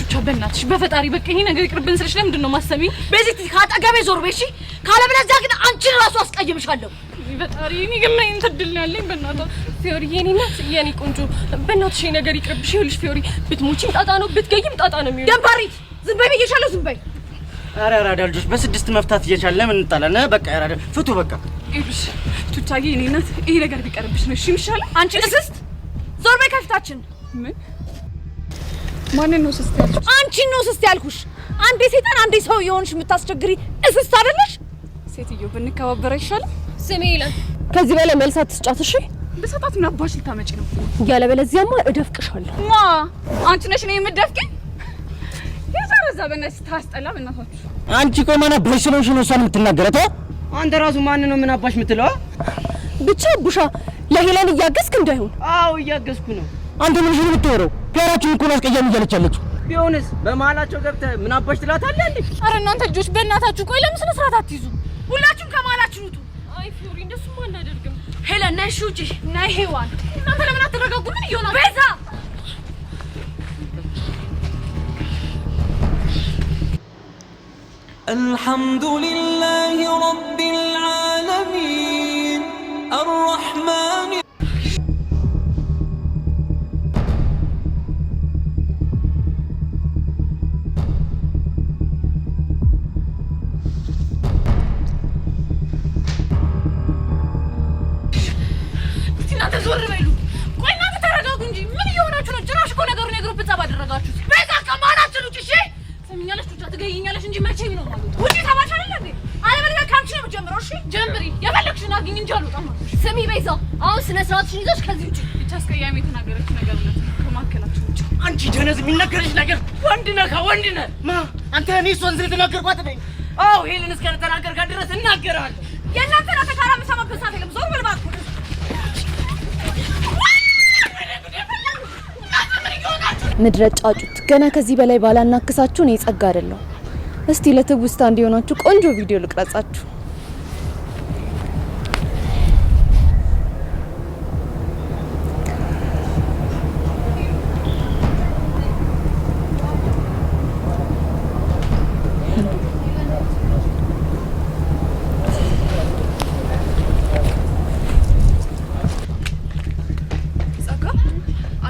ብቻ በእናትሽ በፈጣሪ በቃ ይሄ ነገር ይቅርብን ስልሽ ለምንድን ነው ማሰሚ? በዚህ ከአጠገቤ ዞር በይ እሺ። ካለበለዚያ ግን አንቺን እራሱ አስቀይምሻለሁ። በጣሪ እኔ ግን ምን አይነት እድል ነው ያለኝ? በእናትህ ፊዮሪ፣ የኔ እናት፣ የኔ ቆንጆ፣ በእናትሽ ይሄ ነገር ይቅርብሽ። ይኸውልሽ ፊዮሪ፣ ብትሞቺም ጣጣ ነው፣ ብትገይም ጣጣ ነው የሚሆነው። ደንባሪት፣ ዝም በይ ብዬሻለሁ፣ ዝም በይ። ኧረ አራዳ ልጆች በስድስት መፍታት እየቻለ ለምን እንጣላለን? በቃ አራዳ ፍቱ፣ በቃ ይኸውልሽ። ቱታዬ፣ የኔ እናት፣ ይሄ ነገር ቢቀርብሽ ነው እሺ የሚሻለው። አንቺ እስስት፣ ዞር በይ ከፊታችን። ምን ማንን ነው ስስት ያልኩሽ? አንቺን ነው ስስት ያልኩሽ። አንዴ ሴጣን አንዴ ሰው የሆንሽ የምታስቸግሪ እስስት አይደለሽ? ሴትዮ ብንከባበር አይሻልም? ስሜ ይላል። ከዚህ በላይ መልስ አትስጫት እሺ? በሰጣት ምን አባሽ ልታመጪ ነው? ያለበለዚያማ እደፍቅሻለሁ። ማ አንቺ ነሽ ነው የምትደፍቂኝ? የዘረዛ በእናትሽ ታስጠላ። በእናታችሁ አንቺ ቆይ ማን አባሽ ስለሆንሽ ነው እሷን የምትናገረት? አንተ ራሱ ማን ነው ምን አባሽ የምትለው? ብቻ ቡሻ ለሄለን እያገዝክ እንዳይሆን። አዎ እያገዝኩ ነው አንተ ምን ይሄን ብትወረው ፒያራችን እኮ ነው አስቀያሚ እያለች ያለችው። ቢሆንስ በመሀላቸው ገብተህ ምን አባሽ ትላታለህ እንዴ? አረ እናንተ ልጆች በእናታችሁ ቆይ፣ ለምን ስነ ስርዓት አትይዙ? ሁላችሁም ከመሀላችሁ ውጡ። አይ ፊዮሪ፣ እንደሱማ አናደርግም። ሄለን ነሽ ውጪ ነይ ሄዋን፣ እናንተ ለምን አትረጋጉ? ምን ይሆናል? ቤዛ አልሐምዱሊላሂ ረቢል ያላችሁት? በዛ ከማናችን ውጭ እሺ፣ ሰሚኛለሽ፣ ቱጃ ትገይኛለሽ እንጂ መቼም ነው ማለት ውጪ ተባሽ አይደል እንዴ? አለበለዚያ ካንቺ ነው የምጀምረው። እሺ ጀምሪ፣ የፈለግሽን አግኝ እንጂ አልወጣም። ስሚ ቤዛ፣ አሁን ስነ ስርዓትሽን ይዘሽ ከዚህ ውጪ። ብቻ አስቀያሚ የተናገረች ነገር ነው ከማከላችሁ ውጪ። አንቺ ጀነዝ፣ የሚነገርሽ ነገር ወንድ ነህ፣ ወንድ ነህ። ማ አንተ እኔ እሷን ስለ ተናገርኳት ነኝ። አዎ ሄልን እስከ ተናገርካት ድረስ እናገራለሁ። የእናንተን አተካራ የምሰማበት ሰዓት የለም። ዞር ምድረ ጫጩት ገና ከዚህ በላይ ባላናክሳችሁ እኔ ጸጋ አይደለሁ። እስቲ ለትውስታ እንዲሆናችሁ ቆንጆ ቪዲዮ ልቅረጻችሁ።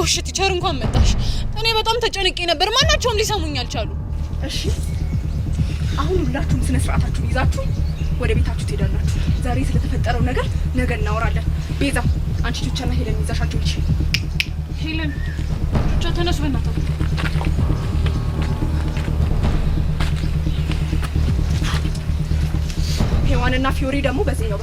ጎሽ ቲቸር እንኳን መጣሽ። እኔ በጣም ተጨንቄ ነበር። ማናቸውም ሊሰሙኝ አልቻሉ። እሺ አሁን ሁላችሁም ስነ ስርዓታችሁን ይዛችሁ ወደ ቤታችሁ ትሄዳላችሁ። ዛሬ ስለተፈጠረው ነገር ነገ እናወራለን። ቤዛ አንቺ ቹቻና ሄለን ይዛሻችሁ ልጅ ሄለን ቹቻ ተነሱ በእናታ ሄዋንና ፊዮሪ ደግሞ በዚህኛው